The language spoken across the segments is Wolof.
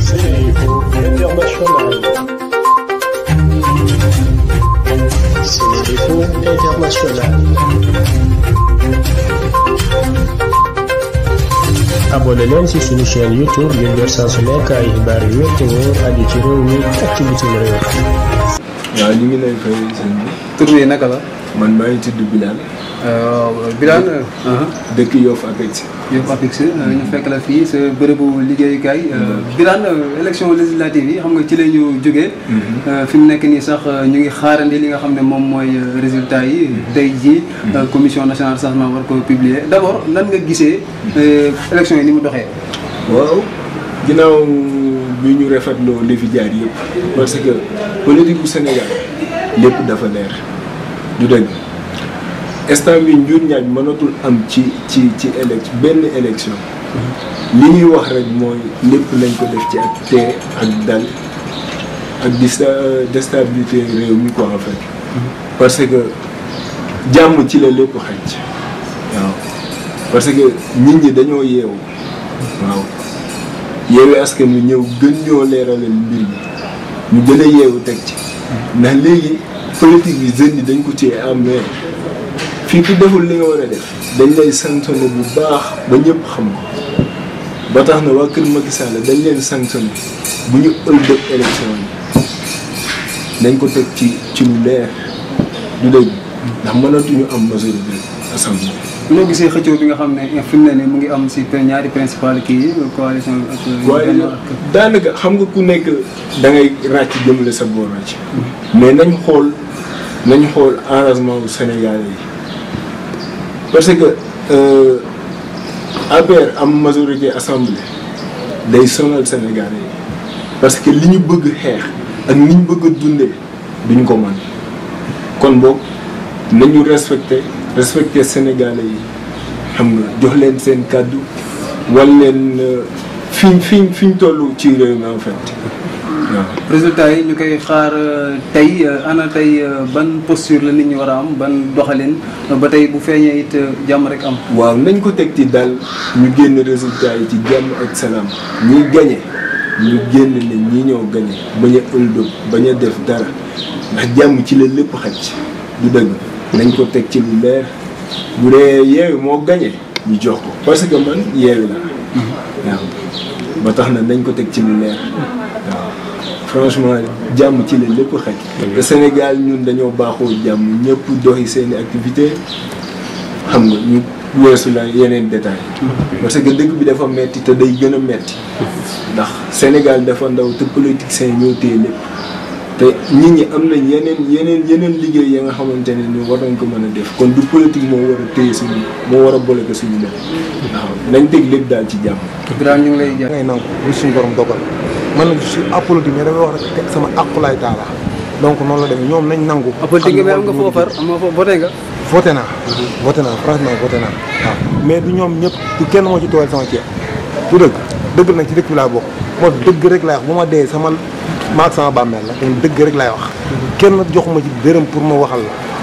Céréaux International. Céréaux International. abonné leen ci suñu YouTube yi ngir su nekk yu wér te wóor ci réew mi ak ci bitim réew. waaw ñu ngi lay fay sëñ bi. naka la. man maa ngi tudd Bilal. Euh, Birane. Euh, uh-huh. dëkk Yoff APEX. Yoff APEX euh, ñu fekk la fii sa bërëbu liggéeyukaay. Birane élection législative yi xam nga ci la jóge mm-hmm. fi mu nekk nii sax ñu ngi xaarandi li nga xam ne moom mooy résultat yi. day mm-hmm. ji mm-hmm. commission nationale changement war ko publier d' abord nan nga gisee. élection yi ni mu doxee. waaw ginnaaw bi ñu rafetloo li fi jaar yëpp parce que politique Sénégal lépp dafa leer du dëgg. instant yi njur ñaaj mënatul am ci ci ci élect benn élection li ñuy wax rek mooy lépp lañ ko def ci ak tee ak dal ak di euh, déstabilité réew mi quoi en fait parce que jàmm ci la lépp xaj waaw parce que nit ñi dañoo yeewu waaw yeewu askan wi ñëw gën ñoo leeralal mbir mi ñu gën a yeewu teg ci ndax léegi politique bi jeunes yi dañ ko ci am fii ku deful li nga war a def dañ lay sanctionné bu baax ba ñëpp xam nga ba tax na waa kër Macky Sall dañ leen sanctionné bu ñu ëllëg élection yi nañ ko teg ci ci lu leer du dégg ndax mënatuñu am majorité assemblée. noo gisee xëccoo bi nga xam ne fi mu ne nii mu ngi am si ñaari principal kii yi coalition bi ak. daanaka xam nga ku nekk da ngay ràcc jëmale sa boor ràcc. Mm-hmm. mais nañ xool nañ xool arrangement bu Sénégal yi. parce que euh, APR am majorité assemblée day sonal Sénégalais parce que liñu bëgg xex ak ni bëgg dundé dundee duñ ko man kon boobu nañu respecter respecter Sénégalais yi xam nga jox leen seen cadeau wal leen fiñ euh, fiñ fiñ ñu ci réew mi en fait. waaw résultat yi ñu koy xaar euh, tey euh, ana tey euh, ban posture la nit ñi war a am ban doxalin ba tey bu feeñee it jàmm rek am. waaw nañ ko teg ci dal ñu génn résultat yi ci jàmm ak salaam ñuy gañe ñu génn ne ñi ñoo gañe bañ a ëldëb bañ a def dara ndax jàmm ci la lépp xaj du dëgg nañ ko teg ci lu leer bu dee yeewi moo gañe ñu jox ko parce que man yeewi la mhm. waaw ba tax na nañ ko teg ci lu leer. franchement jàmm ci la lépp xaj te Sénégal ñun dañoo baaxoo jàmm ñëpp doxi seeni activité xam nga ñu weesu la yeneen détail parce que dëkk bi dafa metti te day gën a metti ndax Sénégal dafa ndaw te politiciens ñoo téye lépp te nit ñi am nañ yeneen yeneen yeneen liggéey ya nga xamante ne ni war nañ ko mën a def kon du politique moo war a téye suñu moo war a bloqué suñu lépp waaw nañ teg lépp daal ci jàmm. Birame ñu ngi lay jàmm. ngay nangu suñu borom dogal. man nag si suis apolitique mais damay wax rek teg sama aqulaay taala donc noonu la dem ñoom nañ nangu. apolitique ah, mais am nga foo far am nga foo voté nga. voté naa. voté naa franchement voté naa waaw. mais du ñoom ñëpp kenn moo ci tooyal sama ceeb. du dëgg dëgg nag ci dëkk bi laa bokk moo dëgg rek laay wax bu ma dee sama maag sama bàmmeel la. te dëgg rek laay wax. kenn joxuma ci dërëm pour ma waxal la.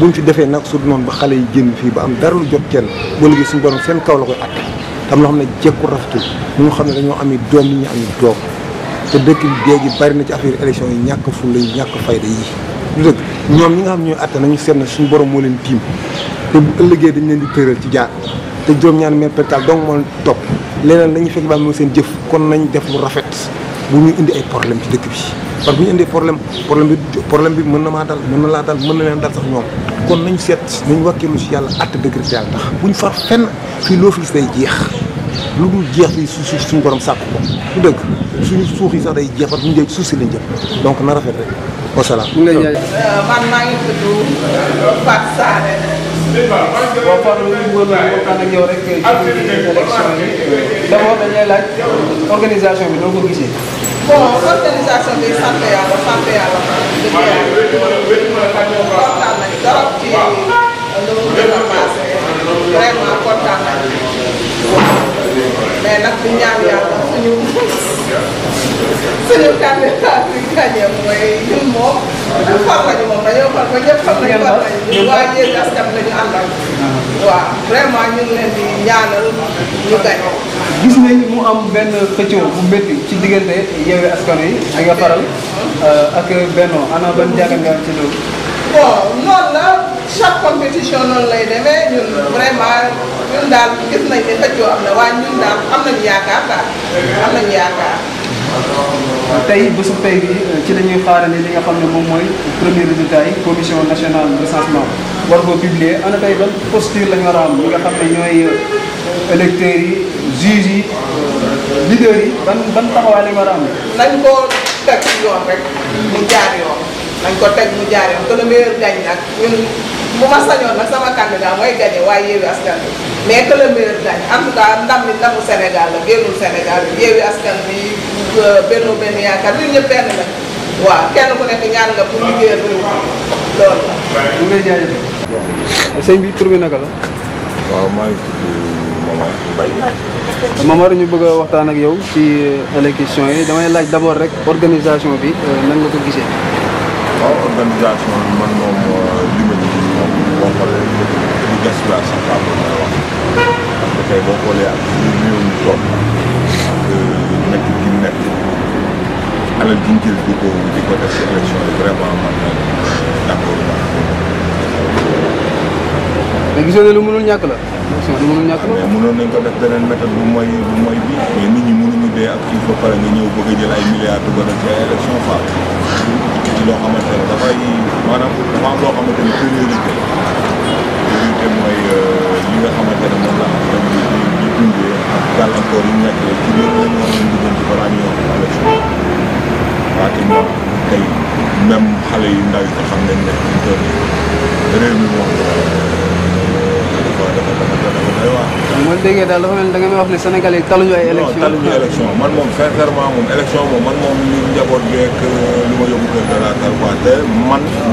bu buñ ci defee nag su noonu ba xale yi génn fii ba am dara lu jot kenn ba léegi suñu borom seen kaw la koy àtte tam loo xam ne jekku rafetul ñu xam ne dañoo ami doom yi ñu ami doom te dëkk bi dee gi na ci affaire élection yi ñàkk fulla yi ñàkk fayda yi du dëgg ñoom ñi nga xam ñooy àtte nañu seet na suñu borom moo leen tiim te bu ëllëgee dañ leen di tëral ci jaar te juróom-ñaari maire pétal donc moo topp leneen dañuy fekk ba moo seen jëf kon nañ def lu rafet bu ñu indi ay problème ci dëkk bi parce que bu ñu indee problème problème bi mën na maa dal mën na laa dal mën na leen dal sax ñoom kon nañ seet nañ wàkkeelu si yàlla àtte dëgg yàlla tax bu ñu far fenn fii loo fi day jeex lu dul jeex bi su suuf suñu borom sàkk ko su dëgg suñu suuf yi sax day jeex parce que bu ñu suuf si lañ jëm donc na rafet rek wasalaam. Euh, man maa ngi tudd Fatou boo parle ñu mën a waxtaan ak yow rek ci élection yi d'abord dañ lay laaj organisation bi doo ko gisee. bon organisation bi sant yàlla sant yàlla. kontaan nañu trop ci lu mu gën a passé vraiment kontaan nañu. mais nag di ñaan yàlla suñu suñu candidat bi gagné mooy ñun moom. far nañu moom dañoo far ba ñëpp xam nañu far nañu waa jéeg askan la ñu àndal. waaw vraiment ñu ngi leen di ñaanal ñu gagné. gis nañ mu am benn xëccoo bu métti ci diggante Yewwi Askan Wi ak nga faral euh, ak Benno ana ban jàngat nga ci loolu. bon noonu la chaque compétition noonu lay demee ñun vraiment. ñun daal gis nañ ne xëccoo ñun daal am nañu yaakaar daal am nañu yaakaar. tey bésu tey bi euh, ci la ñuy xaarandi li nga xam ne moom mooy premier résultat yi commission nationale de recensement war koo publier ana tey ban posture la ñu war a am ñi nga euh, yi juges yi euh, leaders yi ban ban taxawaay la ñu a am. nañ ko teg yoon rek. mu jaar yoon. nañ ko teg mu jaaree mais que le meilleur gagne en bi Yewwi Askan Wi euh, la waaw kenn ñu ngi bëgg a waxtaan ak yow ci élection yi damay laaj d'abord rek organisation bi euh, nan nga ko gisee. waaw organisation man moom euh, li a wax parce que tey xoolee ak réew mi toll ak euh, di ko di ko def si élection euh, mënul ñàkk la. lu mënul ñàkk la mais mënoon ko def beneen méthode bu mooy bu mooy mais nit ñi mënuñu dee ak kii ba pare nga ñëw bëgg a jël ay milliards di ko def ci ay élection faaw. loo xamante ne dafay maanaam dafa am loo xamante ne priorité priorité mooy euh, li nga xamante ne moom la am ñoom ñu ñu dundee ak gàllankoor yi nekk ci loolu lañ war a duggoon ci balaa ñuy wax élection pratiquement tey même xale yu ndaw yi nga xam ne ne ñu toll réew mi moom ma déggee daal dafa mel ni da nga may wax ne Sénégal yi taluñu ay élection man moom sincèrement moom élection moom moom ñu njaboot geek euh,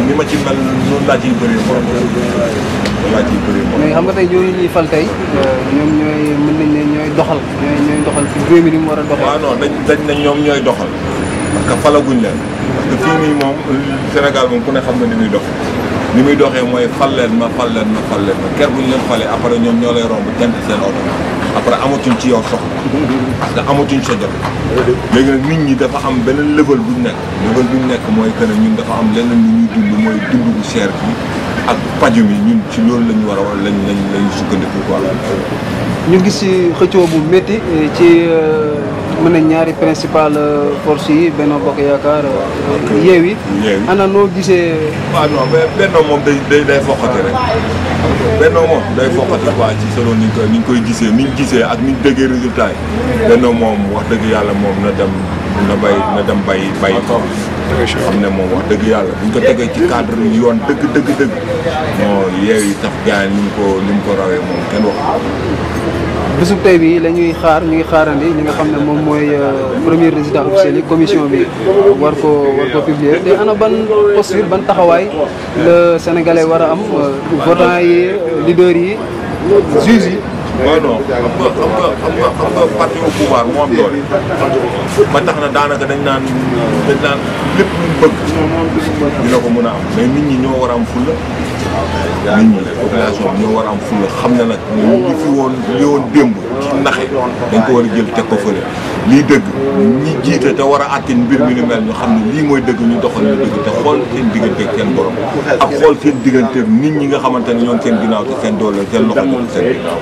li ma ci mel noonu laa yi bëree morom laa xam nga tey ñooñu ñuy fal tey euh, ñoom ñooy doxal ñooy ñooy doxal ci mi ni mu war a doxal waaw non dañ dañ ñoom ñooy doxal parce que falaguñ leen moom ku ne xam na ni muy doxal ni muy doxee mooy fal leen ma fal leen ma fal leen ma ker bu ñu leen falee après ñoom ñoo lay romb jant seen oto après amatuñ ci yow soxla parce que amatuñ sa jot léegi nag ñi dafa am beneen level bu ñu nekk level bu ñu nekk mooy que ne dafa am leneen lu ñuy dund mooy dund bu cher bi ak paju mi ñun ci loolu lañu war a war lañ lañ lañ sukkandiku quoi ñu gis xëccoo bu métti ci euh, mën nañ ñaari principal euh, force yi Benno Bokk Yaakaar. Euh, Yewwi ana noo gisee. waaw non mais Benno moom day day day foqate rek. Benno moom day foqati quoi ci solo ni ñu koy ni ñu koy gisee ni gisee ak ni ñu déggee Benno moom wax dëgg yàlla moom na dem na bay na dem bay bay ko. xam ne moom wax dëgg yàlla bu ñu ko tegee ci cadre yoon dëgg dëgg dëgg. moo yeew yi tax gars ko ni mu ko rawee moom kenn wax bisu tey bi la ñuy xaar ñu ngi xaarandi ñi nga xam ne moom mooy euh, premier résultat officiel yi commission bi war ko war ko publier te ana ban posture ban taxawaay la sénégalais war a am euh, votant yi leaders yi juges yi non non xam nga xam nga xam nga xam nga parti ba tax na daanaka dañ naan dañ mu bëgg dina ko mën a am mais nit ñi ñoo war am fulla waaw mais population bi ñoo war a am fulla xam ne nag ñu fi woon li woon démb ci naxe dañ ko war a jël teg ko fële lii dëgg ñi jiite te war a àttin mbir mi ni mel ñu xam ne lii mooy dëgg ñu doxal ñu dëgg te xool seen diggante ak xool seen diggante nit ñi nga xamante ne ñoom seen ginnaaw te seen doole seen loxo te seen ginnaaw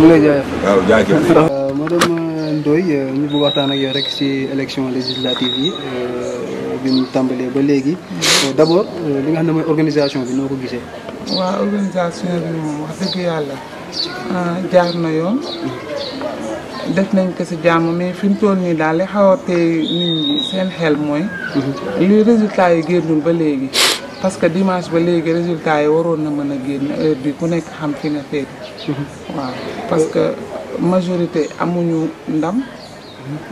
waaw jaajëf euh, madame euh, Ndoye euh, ñu bëgg waxtaan ak yow rek si élection législative yi bi mu tàmbalee ba léegi. Euh, d' abord euh, li nga xam ne mooy organisation bi noo ko gisee. waaw organisation bi moom wax dëgg yàlla euh, jaar na yoon. def nañ ko si jàmm mais fi mu nii daal li xaw a tey seen xel mooy. Mhm. li résultat yi génnul ba léegi. parce que dimanche ba léegi résultat yi waroon na mën a génn heure bi ku nekk xam fi nga féete. Mhm. waaw parce que majorité amuñu ndam.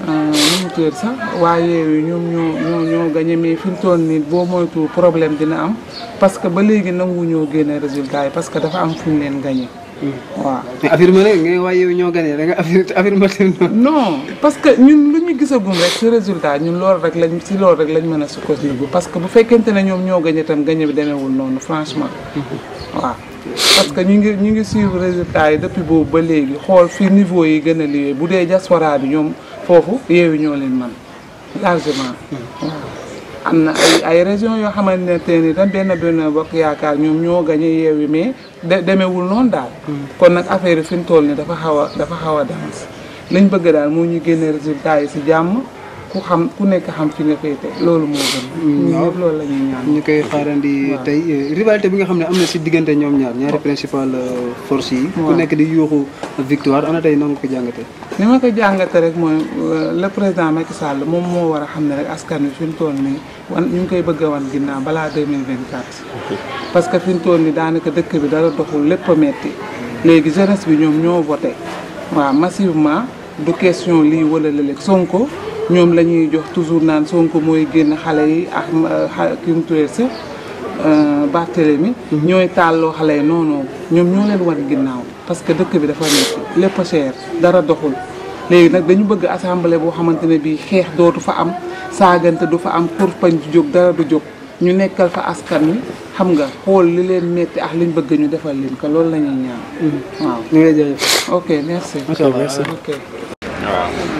Euh, nu mu tudd sax waaye ñoom ñoo ñoo ñoo mais fi mu toll nii boo moytu problème dina am parce que ba léegi nangu ñoo génne résultat yi parce que dafa am fu ñu leen gagné. Hmm. waaw mais affirmé rek nga waaye yow ñoo gagné da nga affirmé non parce que ñu gisagum rek si résultat ñun loolu rek lañ si loolu rek lañ mën a sukkandiku parce que bu fekkente ne ñoom ñoo gagné itam gagné bi demeewul noonu franchement. Hmm. waaw parce que ñu ngi ñu ngi suivre résultat yi depuis boobu ba léegi xool fi niveau yi gën a liggéey bu dee diaspora bi ñoom. foofu yeewi ñoo leen man largement hmm. am na ay ay région yoo xaman ne tam benn benn bokk yaakaar ñoom ñoo gañe yeewi mais de demeewul noon daal hmm. kon nag affaire yi fi mu toll ni dafa xaw a dafa xaw a danse lañ bëgg daal moo ñu génne résultat yi si jàmm ku xam ku nekk xam fi nga féete loolu moo gën. Mm. ñun ñëpp loolu la ñuy ñu koy xaarandi tey euh, rivalité bi nga xam ne am na si diggante ñoom ñaar ñaari principal euh, force yi. ku nekk di yuuxu victoire ana tey noonu nga ko jàngate ni ma ko jàngatee rek mooy euh, le président Macky Sall moom moo war a xam ne rek askan wi fi toll nii wan ñu ngi koy bëgg a wan ginnaaw balaa 2024. parce que fi mu toll nii daanaka dëkk bi dara doxul lépp a metti léegi jeunesse bi ñoom ñoo voté waaw massivement du question lii wala léeg Sonko. ñoom la ñuy jox toujours naan Sonko mooy génn xale yi ak euh, ki mu turee sax euh, Barthélemy mhm. ñooy tàlloo xale yi noonu non ñoom ñoo leen war ginnaaw parce que dëkk bi dafa nekk lépp a cher dara doxul léegi nag dañu bëgg assemblée boo xamante ne bii xeex dootu fa am saagante du fa am pour pañ du jóg dara du jóg ñu nekkal fa askan wi xam nga xool li leen metti ak liñ bëgg ñu defal leen ko loolu la ñuy mhm. waaw ñu ngi lay jëlee.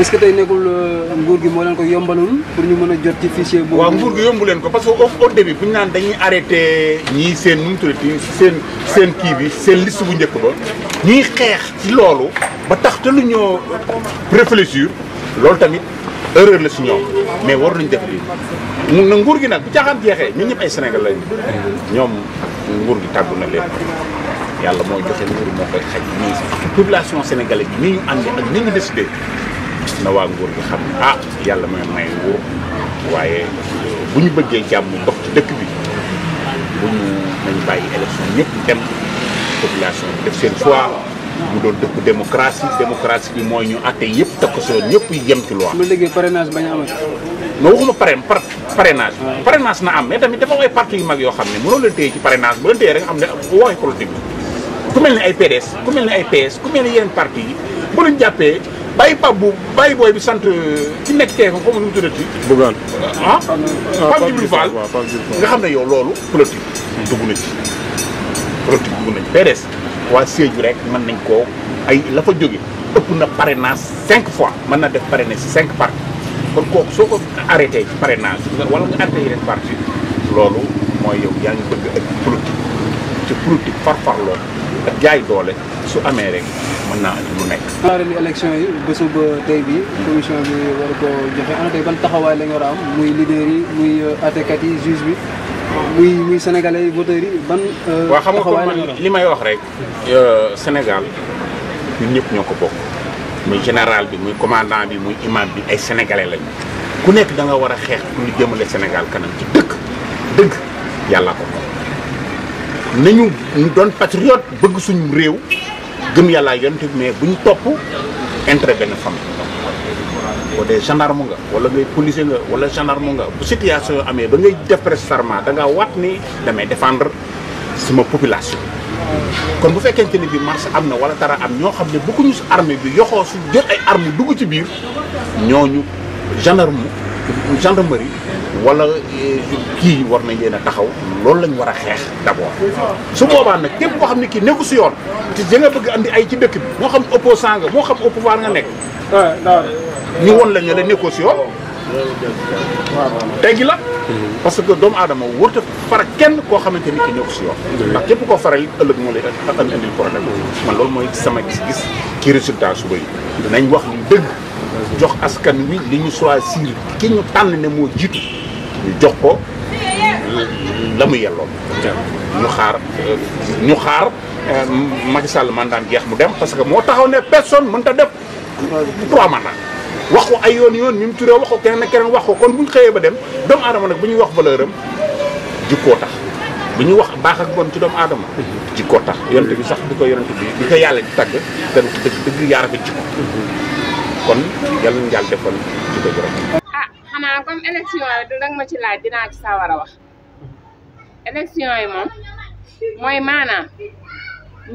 est-ce que tey nekkul euh, nguur gi moo leen ko yombalul pour ñu mën a jot ci fichier boobu. waaw nguur gi yombu leen ko parce que au début bu naan dañuy arrêté. ñii seen nu mu seen seen kii bi seen list bu njëkk ba ñuy xeex ci loolu ba tax te lu ñoo réfléchir loolu tamit erreur la si ñoom mais war nañu def lii mun na nguur gi nag bu caaxaan jeexee ñun ñëpp ay Sénégal lañu ñoom nguur gi tàggu na yàlla moo joxe nguur moo koy xaj nii population sénégalaise bi ak ni ñu décidé. na waa nguur gi xam ne ah yàlla may may nguur waaye euh, bu ñu bëggee jàmm dox ci dëkk bi bu ñu nañ bàyyi élection ñëpp dem population bi def seen choix mu doon dëkku démocratie démocratie bi moo ñu àtte yëpp takk soo ñëpp yi jëm ci loi. bu léegi parrainage bañ a amati. non waxuma parrain par parrainage. na am mais tamit dafa am parti yu mag yoo xam ne mënoo leen téye ci parrainage bu leen téye rek nga ne waxi politique ku mel ni ay PDS ku mel ni ay PS ku mel ni yeneen parti yi bu leen jàppee. bay pa bu bay boy bi sant ci nek té ko xamu nu tuddati bugan ah, ah pam ah, jibril fall nga xamné yow lolu politique dugg na ci politique dugg na ci PDS wa seju rek man nañ ko ay la fa joggé ëpp na parrainage 5 fois man na def parrainage 5 parti kon ko soko arrêté ci parrainage wala nga arrêté yeneen parti lolu moy yow yaangi bëgg ak politique ci politique far far lolu ak jaay su amee rek mën naa andi lu nekk. ni élection yi bésu ba tay bi commission bi war ko joxé ana tey ban taxaway la ñu war am muy leader yi muy àttekat euh, yi juge bi muy muy sénégalais yi voteurs yi ban. Euh, waaw xam nga man li wax rek. Euh, Sénégal ñun ñëpp ñoko bok muy général bi muy commandant bi muy imam bi ay sénégalais lañu. ku nekk da nga war a xeex pour ñu jëmale Sénégal kanam ci dëkk dëgg yàlla ko. nañu doon patriote bëgg suñu réew gëm yàllaa yonte bi mais bu ñu topp intérêt benn famille boo dee gendarme nga wala ngay policier nga wala gendarme nga bu situation yoo amee ba ngay def presque serment da ngaa waat ni damay défendre sama population kon bu fekkente ni bi marche am na wala dara am ñoo xam ne bokkuñu si armée bi yoxoo su jël ay armes dugg ci biir ñoo ñu gendarme gendarmerie wala eh, kii war nañ leen a taxaw loolu lañ war a xeex d'abord su boobaa nag képp koo xam ne kii nekku si yoon te da bëgg andi ay ci dëkk bi moo xam opposant nga moo xam au pouvoir nga nekk ñu won la ñu la nekkoo si yoon teggi la parce que doomu aadama wërta fara kenn koo xamante ni ki nekku si yoon ndax képp koo faral ëllëg moo lay am indil problème man loolu mooy sama gis-gis ci résultat suba yi nañ wax li dëgg jox askan wi li ñu choisir ki ñu tànn ne moo jiitu ñu jox ko la mu yelloon ñu xaar ñu xaar euh, Macky man daan geex mu dem parce que moo taxaw ne personne mën ta def trois mandats wax ko ay yoon yoon mi mu turee wax ko keneen ak keneen wax ko kon bu ñu xëyee ba dem doomu aadama nag bu ñuy wax valeur am jikkoo tax bu ñu wax baax ak bon ci doomu aadama jikkoo tax yonent bi sax di ko yonent bi di ko yàlla di tagg te dëgg dëgg yaara jikko kon yàlla na yàlla defal jikko xanaa comme élection yi du nag ma ci laaj dinaa ci sawar a wax élection yi moom mooy maanaam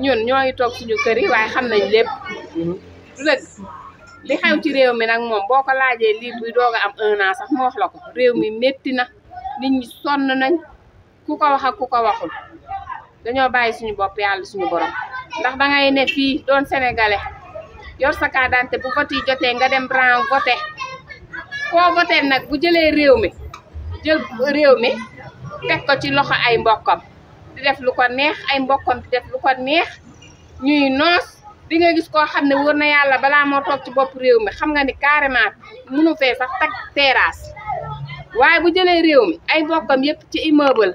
ñun ñoo ngi toog suñu kër yi waaye xam nañ lépp mhm. du li xew ci réew mi nag moom boo ko laajee lii bi doog a am un sax moo wax la ko réew mi métti na nit ñi sonn nañ ku ko wax ku ko waxul dañoo bàyyi suñu bopp yàlla suñu borom ndax da ngay ne fii doon sénégalais yor sa bu vote jotee nga dem rang voté koo voteel nag bu jëlee réew mi jël réew mi teg ko ci loxo ay mbokkam di def lu ko neex ay mbokkam di def lu ko neex ñuy noos di nga gis koo xam ne wóor na yàlla balaa moo toog ci bopp réew mi xam nga ni carrément mënu fee sax tag terrasse waaye bu jëlee réew mi ay mbokkam yëpp ci immeuble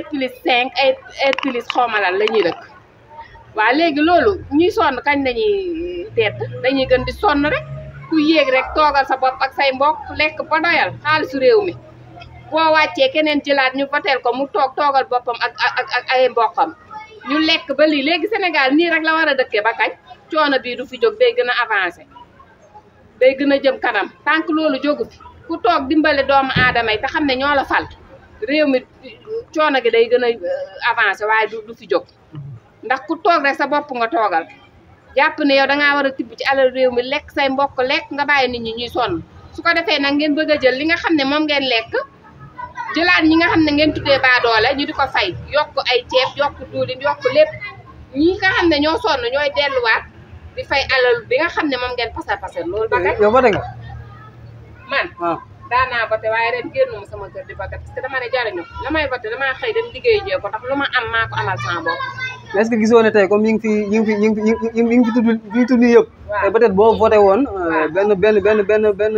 R plus 5 ay R plus xoomalal la ñuy dëkk waa léegi loolu ñuy sonn kañ lañuy tedd dañuy gën di sonn rek ku yéeg rek toogal sa bopp ak say mbokk lekk ba doyal xaalisu réew mi boo wàccee keneen jëlaat ñu voteel ko mu toog toogal boppam ak ak ak ay mbokkam ñu lekk ba lii léegi Sénégal nii rek la war a dëkkee ba kañ coono bii du fi jóg day gën a avancé day gën a jëm kanam tànk loolu jógu fi ku toog dimbale doomu aadama yi te xam ne ñoo la fal réew mi coono gi day gën a euh, avancé waaye du du fi jóg ndax ku toog rek sa bopp nga toogal jàpp ne yow dangaa war a tibb ci alal réew mi lekk say mbokk lekk nga bàyyi nit ñi ñuy sonn su ko defee nag ngeen bëgg a jël li nga xam ne moom ngeen lekk jëlaat ñi nga xam ne ngeen tuddee baadoole ñu di ko fay yokk ay ceeb yokk duulin yokk lépp ñi nga xam ne ñoo sonn ñooy delluwaat di fay alal bi nga xam ne moom ngeen pasar pasar loolu ba yow ba nga man ah. daanaa voté waaye ren génnuma sama kër di voté parce que dama ne jariñu la may voté damaa xëy dem liggéey jee ko ndax lu ma am maa ko amal mais est-ce que gisoo ne tey comme yi ngi fi yi ngi fi yi yëpp tey peut woon euh, benn benn benn benn benn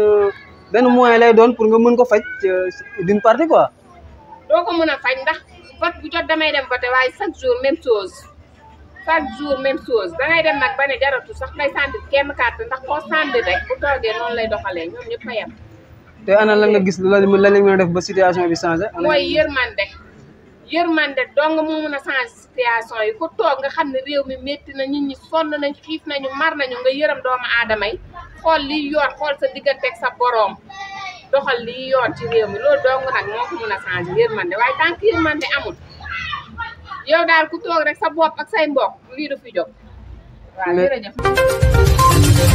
benn moyen lay doon pour nga mën ko faj euh, d'une partie quoi doo ko mën a faj ndax vote bu jot damay dem voté waaye chaque jour même chose chaque jour même chose dangay dem nag ba ne jaratu sax ngay sànni kenn carte ndax koo sànni rek bu toogee noonu lay doxalee te ana lan nga gis la la mën a def ba situation bi changé mooy yërmande yërmande dong moo mun a changer situation yi ku toog nga xam ne réew mi metti na nit ñi sonn nañ xiif nañu mar nañu nga yërëm doomu aadama yi xool liy yoon xool sa digganteeg sa boroom doxal liy yoon ci réew mi loolu dong nag moo ko mun a toog rek sa bopp ak say mbokk lii du fi jóg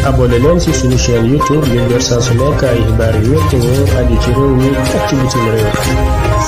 waaw suñu chaîne youtube yi yu wér te wóor aju ci réew mi ak ci bitim réew.